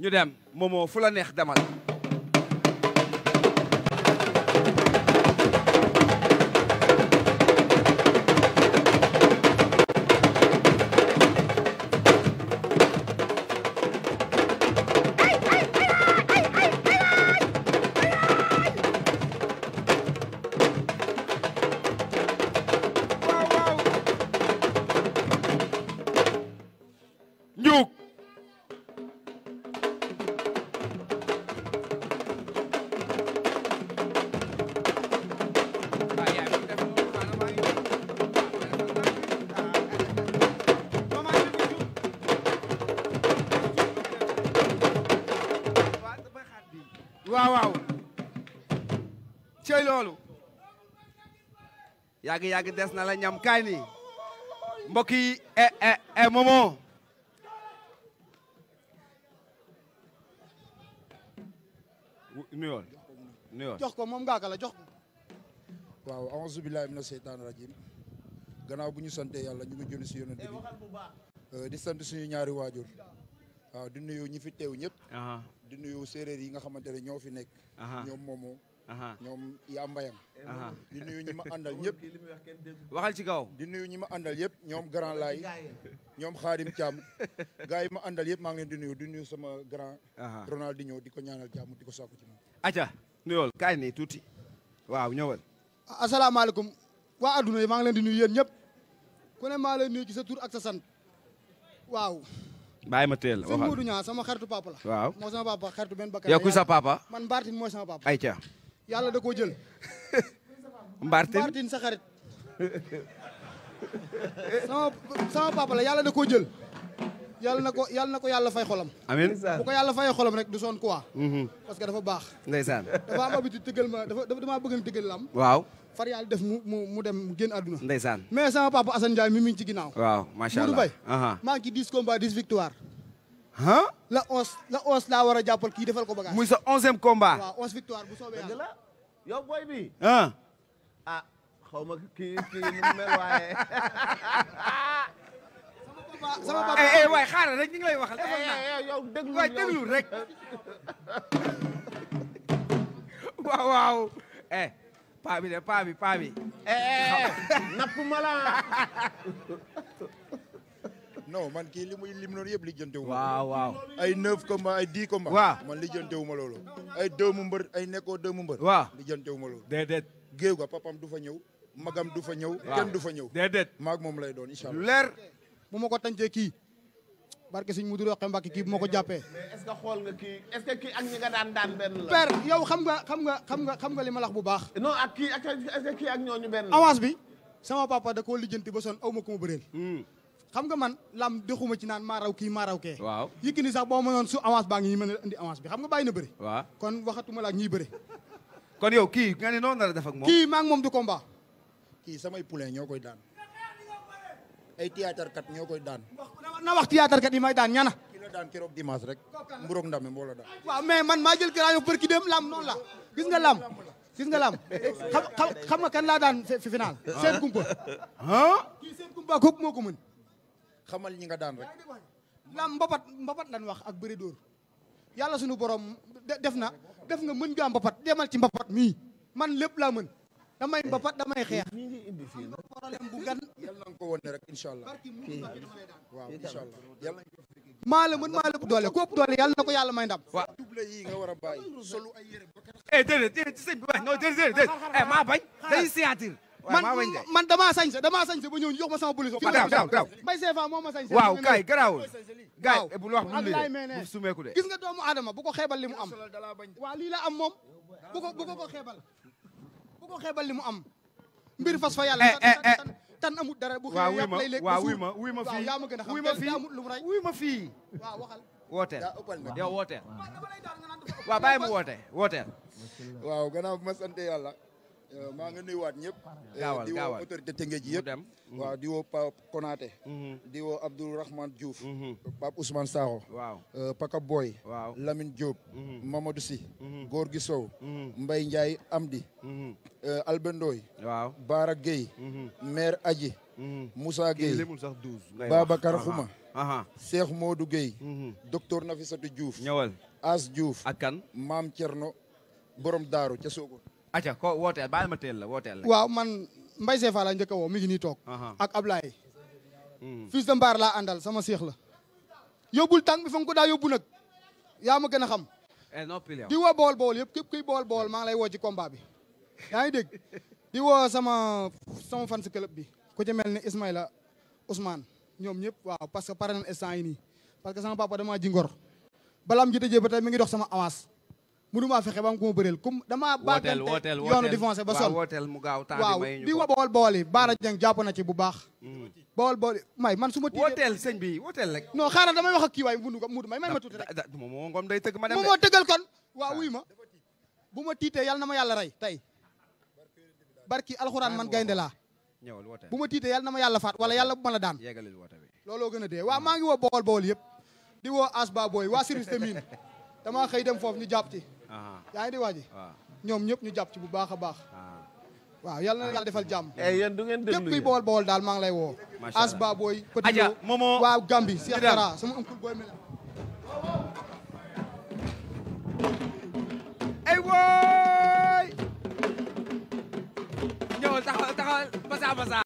ñu dem moomoo fu la neex demal waaw waaw cey loolu yàgg des na la ñam kaay nii mbokk yi e e e Momo jox ko moom ngaaka la jox ko waaw a'uuzu billaahi mina seytaani rajiim gannaaw bu ñu sante yàlla ñu ngi julli si yonent bi euh, di sant suñu ñaari waajur waaw di nuyu ñi teew ñëpp di nuyu séeréer yi nga xamante ne ñoo fi nekk. ñoom moomu. ñoom yaa mbayam di nuyu ñi ma àndal ñëpp. waxal ci kaw. di nuyu ñi ma àndal yëpp ñoom grand laay ñoom xaadim Thiam. gars yi ma àndal yëpp maa ngi leen di nuyu di nuyu sama grand. Ronaldinho di ko ñaanal jàmm di ko sàkku ci moom. atia nuyool kaay nii tuuti waaw ñëwal. asalaamaaleykum waa adduna yi maa ngi leen di nuyu yéen ñëpp ku ne maa lay nuyu ci sa tur ak sa sant waaw. bàyyi ma teel waxal sëñ Modou Niang sama xaritu papa la. waaw moo sama papa xaritu benn bakkan. yow kuy sa papa. man Mbartine mooy sama papa. ayca. yàlla da koo jël. Mbartine Mbartine sa xarit. sama sama yàlla da koo jël. yàlla na ko yàlla na ko yàlla fay xolam. amiin bu ko yàlla fayee xolam rek du sonn quoi. Mhm. parce que dafa baax. ndeysaan dafa am habitude tëggal ma dafa damaa bëgg a tëggal lam waaw. far yàlla def mu mu mu dem génn àdduna. ndeysaan mais sama papa Assane mi mi ngi ci ginnaaw. waaw macha maa ngi ci 10 combats 10 victoire. ah. la 11 la war a jàppal kii defal ko bagage. muy sa 11e combat. waaw 11 victoire bu soobee yàlla. yow boy bi. ah. ah xaw eh, eh, xaaral rek ñu lay waxal. defal eh, yow déglu waay rek. waaw waaw paa bi de paa bi paa eh, eh, eh, napp ma la man kii li muy lim noonu yëpp lijjantewu ma. waaw waaw ay neuf combats ay dix combats. man lijjantewu ma loolu. ay doomu ay nekkoo doomu mbër. waaw lijjantewu ma loolu. déedéet. ga papam du fa ñëw. magam du fa ñëw. kenn du fa ñëw. déedéet. maag moom lay doon incha leer bu ma ko tàncee kii. barke sëñ Mudu Roqe Mbàkke kii bu ma ko jàppee. mais que xool nga kii est ce que kii ak ñi nga daan daan benn la. père yow xam nga xam nga xam nga xam nga li ma lax bu baax. non ak kii ak est ce que kii bi sama papa da koo lijjanti ba soon aw ma ko ma hmm. xam nga man lam dexuma ci naan maaraw kii maaraw kee. waaw Yékini sax boo mënoon su avance baa ngi mën a indi avance bi xam nga bàyyi na bëri. waaw kon waxatuma la ak ñiy bëri. kon yow kii nga ne a la def ak moom. kii maa ngi moom du combat. kii samay poulain ñoo koy daan ay théâtre kat ñoo koy daan na wax théâtre kat yi may daan ñana ki la daan keroog rek mburoog ndame moo la daan waaw mais man maa jël kiraayoo për ki lam noonu la gis nga lam gis nga lam xam nga kan laa daan fi final ah. seen kumpa ah kii seen kumpa kooku moo ko mën xamal ñi nga daan rek lam mbapat mbapat lan wax ak bëri dóor sunu suñu borom def na def nga mën nga mbapat demal ci mbapat mii man lépp laa mën damay mbapat damay xeex. ñi ngi indi fii nag problème bu gan. yàlla incha allah. waaw incha allah yàlla. la bu doole kóob doole yàlla na ko yàlla may ndam. waaw double yi nga war a bàyyi. solu ay yére ba kër. Eh, déedéet déedéet sëñ bi bañ non déedéet déedéet eh, maa bañ. dañuy séentir. man man damaa sañ sa damaa sañ sa ba ñëw ñu jox ma sama police. ma sañ sa. waaw kay garaawul. gaay eh, bu wax bu mu sumeeku de. gis nga doomu Adama bu ko xeebal li mu am. waaw lii la am moom bu ko bu ko ko xeebal ko xeebal li mu am mbir fas fa yàlla eh, eh, tan amul dara bu xëyee yàpp a xam wuy amul lu mu rey wuy ma fii waaw waxal wooteel yow wooteel waaw bàyyi mu woote wooteel waaw gannaaw bu ma sante Euh, maa ngi nuyuwaat ñëpp. gaawal euh, di woo autorité Tëngéej yëpp. Mm-hmm. waaw di woo Pape Konaté. Mm-hmm. di woo Abdourahmane Diouf. Mm-hmm. Pape Ousmane Sakho. waaw euh, Paka Boy. waaw Lamine Diop. Mamadou Sy. Gorgui Sow. Mbaye Ndiaye Amdi. Albert Ndoye. waaw maire Adji. Moussa Gueye Babacar Xuma. Cheikh Modou Gueye. docteur Nafisatou Diouf. ñëwal As Diouf. maam Thierno borom Daaru ca Sokone. aca ko wooteel waaw man Mbaye Sefa la a woo mi ngi nii toog. ak Ablaye. Hmm. fils de mbaar laa àndal sama seex la. yóbbul tànk bi fa nga daa yóbbu yaa ma gën a xam. Eh, di woo bool bool yëpp képp kuy bool bool maa ngi lay woo ci combat bi. yaa ngi dégg di sama sama fan si club bi ku ci mel ni Ismaïla Ousmane ñoom ñëpp waaw parce que pare nañ instant yi nii parce que sama papa damaa ji balaam ji tëjee ba tey mi ngi dox sama avance. mënumaa fexe ba mu ko bëreel dama damaa baatante yoonu di foncé ba sol waaw di wa bool bool baara jang mm. jàpp na ci bu baax mm. bool bool may man su ma tiitee wooteel sëñ bi wooteel rek non xaaral damay wax ak kii waay mundu ko mudu may may ma tuuti rek moom ngoom day tëgg ma dem moom moo tëggal kon waaw ah. wuy ma bu ma tiitee yal na ma yàlla rey tey barki alxuraan man gaynde laa bu ma tiitee yal na ma yàlla faat wala yàlla bu ma la daan looloo gën a dee waaw maa ngi woo bool bool yëpp di woo asba booy waa damaa xëy dem foofu ñu jàpp yaa ngi di waaji ñoom ñëpp ñu jàpp ci bu baax a baax waaw yàlla na defal jàmm eh, yéen du ngeen kuy bool bool daal maa ngi lay woo as ba booy petit momo waaw gambi si dara sama am booy mel ay wooy ñëwal taxawal taxawal basa